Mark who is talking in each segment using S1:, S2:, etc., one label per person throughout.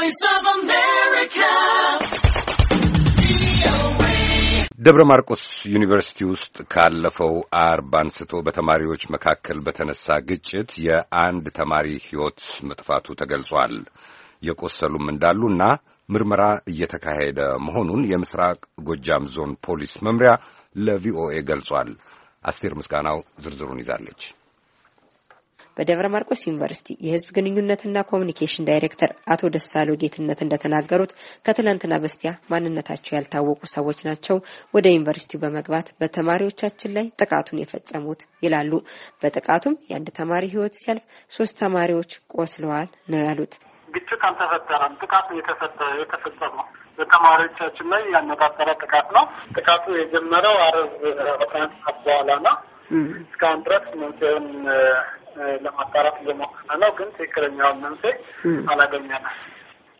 S1: Voice of ደብረ ማርቆስ ዩኒቨርሲቲ ውስጥ ካለፈው አርብ አንስቶ በተማሪዎች መካከል በተነሳ ግጭት የአንድ ተማሪ ሕይወት መጥፋቱ ተገልጿል። የቆሰሉም እንዳሉና ምርመራ እየተካሄደ መሆኑን የምስራቅ ጎጃም ዞን ፖሊስ መምሪያ ለቪኦኤ ገልጿል። አስቴር ምስጋናው ዝርዝሩን ይዛለች።
S2: በደብረ ማርቆስ ዩኒቨርሲቲ የህዝብ ግንኙነትና ኮሚኒኬሽን ዳይሬክተር አቶ ደሳሎ ጌትነት እንደተናገሩት ከትላንትና በስቲያ ማንነታቸው ያልታወቁ ሰዎች ናቸው ወደ ዩኒቨርሲቲው በመግባት በተማሪዎቻችን ላይ ጥቃቱን የፈጸሙት ይላሉ። በጥቃቱም የአንድ ተማሪ ህይወት ሲያልፍ ሶስት ተማሪዎች ቆስለዋል ነው ያሉት።
S1: ግጭት አልተፈጠረም። ጥቃቱ የተፈጸመው በተማሪዎቻችን ላይ ያነጣጠረ ጥቃት ነው። ጥቃቱ የጀመረው አረብ በኋላ ነው። እስካሁን ድረስ መንስኤውን ለማጣራት እየሞከረ ነው፣ ግን ትክክለኛውን መንስኤ አላገኘንም።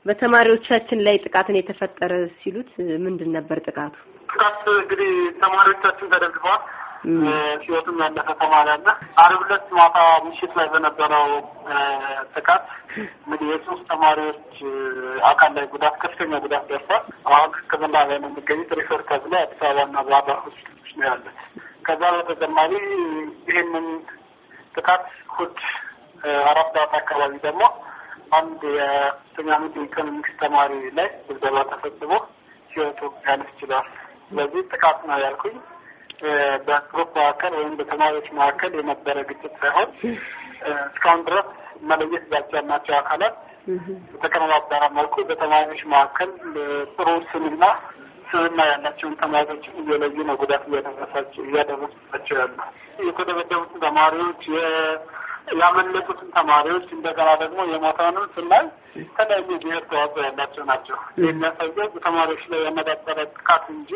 S3: በተማሪዎቻችን ላይ ጥቃትን የተፈጠረ ሲሉት ምንድን ነበር ጥቃቱ?
S1: ጥቃት እንግዲህ ተማሪዎቻችን ተደግፈዋል። ህይወቱም ያለፈ ተማሪ አለ። ዓርብ ዕለት ማታ ምሽት ላይ በነበረው ጥቃት እንግዲህ የሶስት ተማሪዎች አካል ላይ ጉዳት ከፍተኛ ጉዳት ደርሷል። አሁን ሕክምና ላይ ነው የሚገኙት። ሪፈር ተብሎ አዲስ አበባና ባህር ዳር ሆስፒታሎች ነው ያለ። ከዛ በተጨማሪ ይህንን ጥቃት እሑድ አራት ሰዓት አካባቢ ደግሞ አንድ የአምስተኛ ዓመት የኢኮኖሚክስ ተማሪ ላይ ድብደባ ተፈጽሞ ህይወቱ ያነስ ችሏል። ስለዚህ ጥቃት ነው ያልኩኝ በግሩፕ መካከል ወይም በተማሪዎች መካከል የነበረ ግጭት ሳይሆን እስካሁን ድረስ መለየት ባልቻልናቸው አካላት በተቀነባበረ መልኩ በተማሪዎች መካከል ጥሩ ስምና ሕክምና ያላቸውን ተማሪዎች እየለዩ ነው ጉዳት እያደረሱባቸው ያሉ። የተደበደቡትን ተማሪዎች፣ ያመለጡትን ተማሪዎች እንደገና ደግሞ የሞተውንም ስናይ የተለያዩ ብሔር ተዋጽኦ ያላቸው ናቸው። የሚያሳየው በተማሪዎች ላይ ያነጣጠረ ጥቃት እንጂ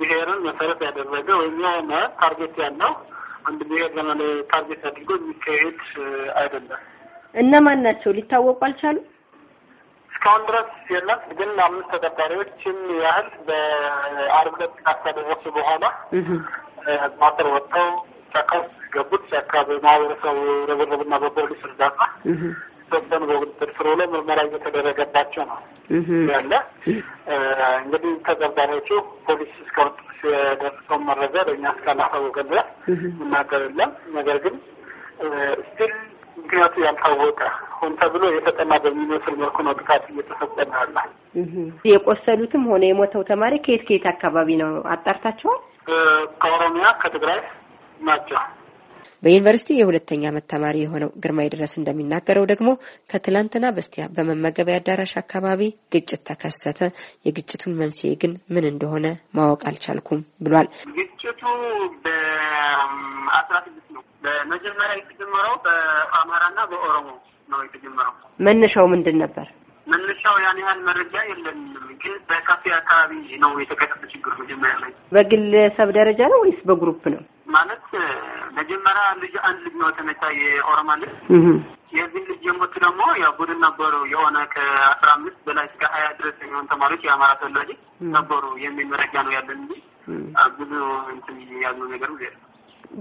S1: ብሔርን መሰረት ያደረገ ወይም የሆነ ታርጌት ያለው አንድ ብሔር ለመለ ታርጌት አድርጎ የሚካሄድ አይደለም።
S3: እነማን ናቸው ሊታወቁ አልቻሉም።
S1: እስካሁን ድረስ የለም። ግን አምስት ተጠርጣሪዎችም ያህል በአርብ ዕለት ጥቃት በኋላ ማጠር ወጥተው ጫካ ውስጥ ገቡት። ጫካ በማህበረሰቡ ርብርብና በፖሊስ እርዳታ ተወሰኑ በቁጥጥር ስር ውለው ምርመራ እየተደረገባቸው ነው ያለ። እንግዲህ ተጠርጣሪዎቹ ፖሊስ እስከወጡ ድረስ የደረሰውን መረጃ ለእኛ እስካላሳወቀን ድረስ ምናገር የለም። ነገር ግን ስቲል ምክንያቱ ያልታወቀ ሆን ተብሎ የተጠና በሚመስል መልኩ ነው ጥቃት እየተፈጸመ
S3: ያለ። የቆሰሉትም ሆነ የሞተው ተማሪ ከየት ከየት አካባቢ
S2: ነው አጣርታቸዋል?
S1: ከኦሮሚያ ከትግራይ ናቸው።
S2: በዩኒቨርሲቲ የሁለተኛ ዓመት ተማሪ የሆነው ግርማ ድረስ እንደሚናገረው ደግሞ ከትላንትና በስቲያ በመመገቢያ አዳራሽ አካባቢ ግጭት ተከሰተ። የግጭቱን መንስኤ ግን ምን እንደሆነ ማወቅ አልቻልኩም ብሏል።
S1: ግጭቱ በአስራ ስድስት ነው በመጀመሪያ የተጀመረው በአማራና በኦሮሞ ነው
S3: የተጀመረው። መነሻው ምንድን ነበር?
S1: መነሻው ያን ያህል መረጃ የለም፣ ግን በካፌ አካባቢ ነው የተከሰተ ችግር። መጀመሪያ ላይ
S3: በግለሰብ ደረጃ ነው ወይስ በግሩፕ ነው? ማለት
S1: መጀመሪያ ልጅ አንድ ልጅ ነው ተመታ፣ የኦሮማ ልጅ። የዚህ ልጅ የሞት ደግሞ ያው ቡድን ነበሩ የሆነ ከአስራ አምስት በላይ እስከ ሀያ ድረስ የሚሆን ተማሪዎች የአማራ ተወላጅ ነበሩ የሚል መረጃ ነው ያለን እንጂ ብዙ እንትን ያሉ ነገር የለም።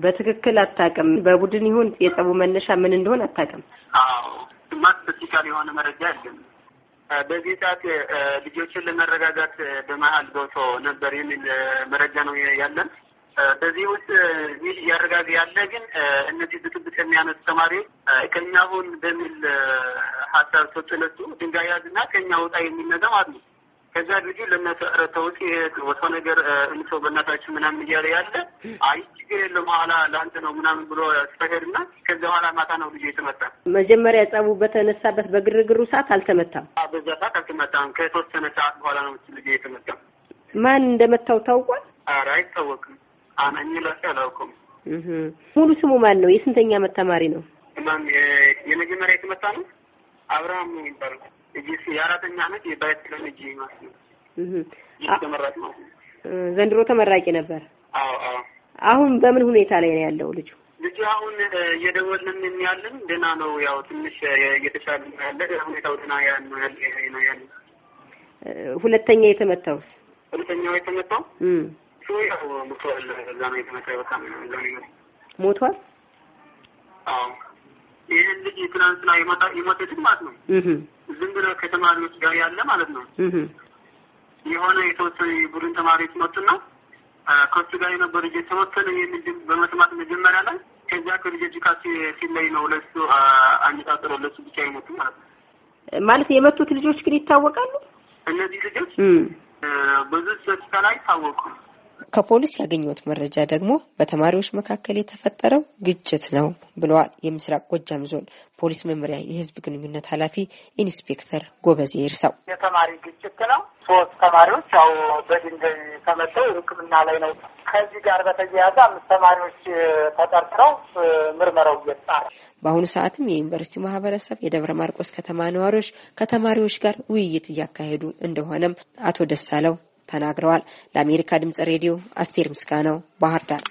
S3: በትክክል አታውቅም። በቡድን ይሁን የጸቡ መነሻ ምን እንደሆነ አታውቅም።
S1: አዎ ማስፈሲካል የሆነ መረጃ የለም። በዚህ ሰዓት ልጆችን ለመረጋጋት በመሀል ገብቶ ነበር የሚል መረጃ ነው ያለን። በዚህ ውስጥ ይህ እያረጋገ ያለ ግን እነዚህ ብጥብጥ የሚያነሱ ተማሪዎች ከኛ ሁን በሚል ሀሳብ ሰጥለቱ ድንጋይ ያዝና ከኛ ውጣ የሚል ነገር ማለት ነው። ከዛ ልጁ ለእናተ ተውት ወቶ ነገር እንሶ በእናታችን ምናምን እያለ ያለ አይ ችግር የለም ኋላ ለአንተ ነው ምናምን ብሎ ስተሄድ እና ከዚ በኋላ ማታ ነው
S3: ልጁ የተመጣ። መጀመሪያ ጸቡ በተነሳበት በግርግሩ ሰዓት አልተመታም።
S1: በዛ ሰዓት አልተመታም። ከተወሰነ ሰዓት በኋላ ነው ልጁ የተመጣ።
S3: ማን እንደመታው ታውቋል?
S1: ኧረ አይታወቅም። አመኝ ላሴ አላውቅም።
S3: ሙሉ ስሙ ማን ነው? የስንተኛ ዓመት ተማሪ ነው?
S1: የመጀመሪያ የተመታ ነው አብርሃም ነው የሚባለው የአራተኛ አመት የባዮቴክኖሎጂ ማለት ነው ተመራጭ ማለት ነው።
S3: ዘንድሮ ተመራቂ ነበር። አዎ አዎ። አሁን በምን ሁኔታ ላይ ነው ያለው ልጁ?
S1: ልጁ አሁን እየደወልን ያለን ደህና ነው። ያው ትንሽ እየተሻለ ያለ ሁኔታው ደህና ያለ ነው ያለ።
S3: ሁለተኛ የተመታው
S1: ሁለተኛው የተመታው እሱ ያው ሞቷል። እዛ ነው የተመታው። በጣም እዛ ነው ሞቷል። አዎ ይሄን ልጅ ትናንትና
S3: የሞተ ማለት ነው
S1: ዝም ብሎ ከተማሪዎች
S3: ጋር ያለ ማለት ነው።
S1: የሆነ የተወሰነ የቡድን ተማሪዎች መጡና ከሱ ጋር የነበሩ ልጆች ተወሰነ የሚል በመስማት መጀመሪያ ላይ ከዚያ ከልጆች ካ ፊት ላይ ነው ለሱ አነጣጥሮ ለሱ ብቻ ይመጡ ማለት ነው።
S3: ማለት የመቱት
S2: ልጆች ግን ይታወቃሉ።
S1: እነዚህ ልጆች ብዙ ፖለቲካ ላይ ታወቁ።
S2: ከፖሊስ ያገኘሁት መረጃ ደግሞ በተማሪዎች መካከል የተፈጠረው ግጭት ነው ብለዋል። የምስራቅ ጎጃም ዞን ፖሊስ መምሪያ የህዝብ ግንኙነት ኃላፊ ኢንስፔክተር ጎበዜ ይርሳው የተማሪ ግጭት ነው። ሶስት ተማሪዎች ያው በድንጋይ ተመተው ሕክምና
S1: ላይ ነው። ከዚህ ጋር በተያያዘ አምስት ተማሪዎች ተጠርጥረው ምርመራው እየተጣራ
S2: በአሁኑ ሰዓትም የዩኒቨርሲቲው ማህበረሰብ የደብረ ማርቆስ ከተማ ነዋሪዎች ከተማሪዎች ጋር ውይይት እያካሄዱ እንደሆነም አቶ ደሳለው ተናግረዋል። ለአሜሪካ ድምጽ ሬዲዮ አስቴር ምስጋናው ባህር ዳር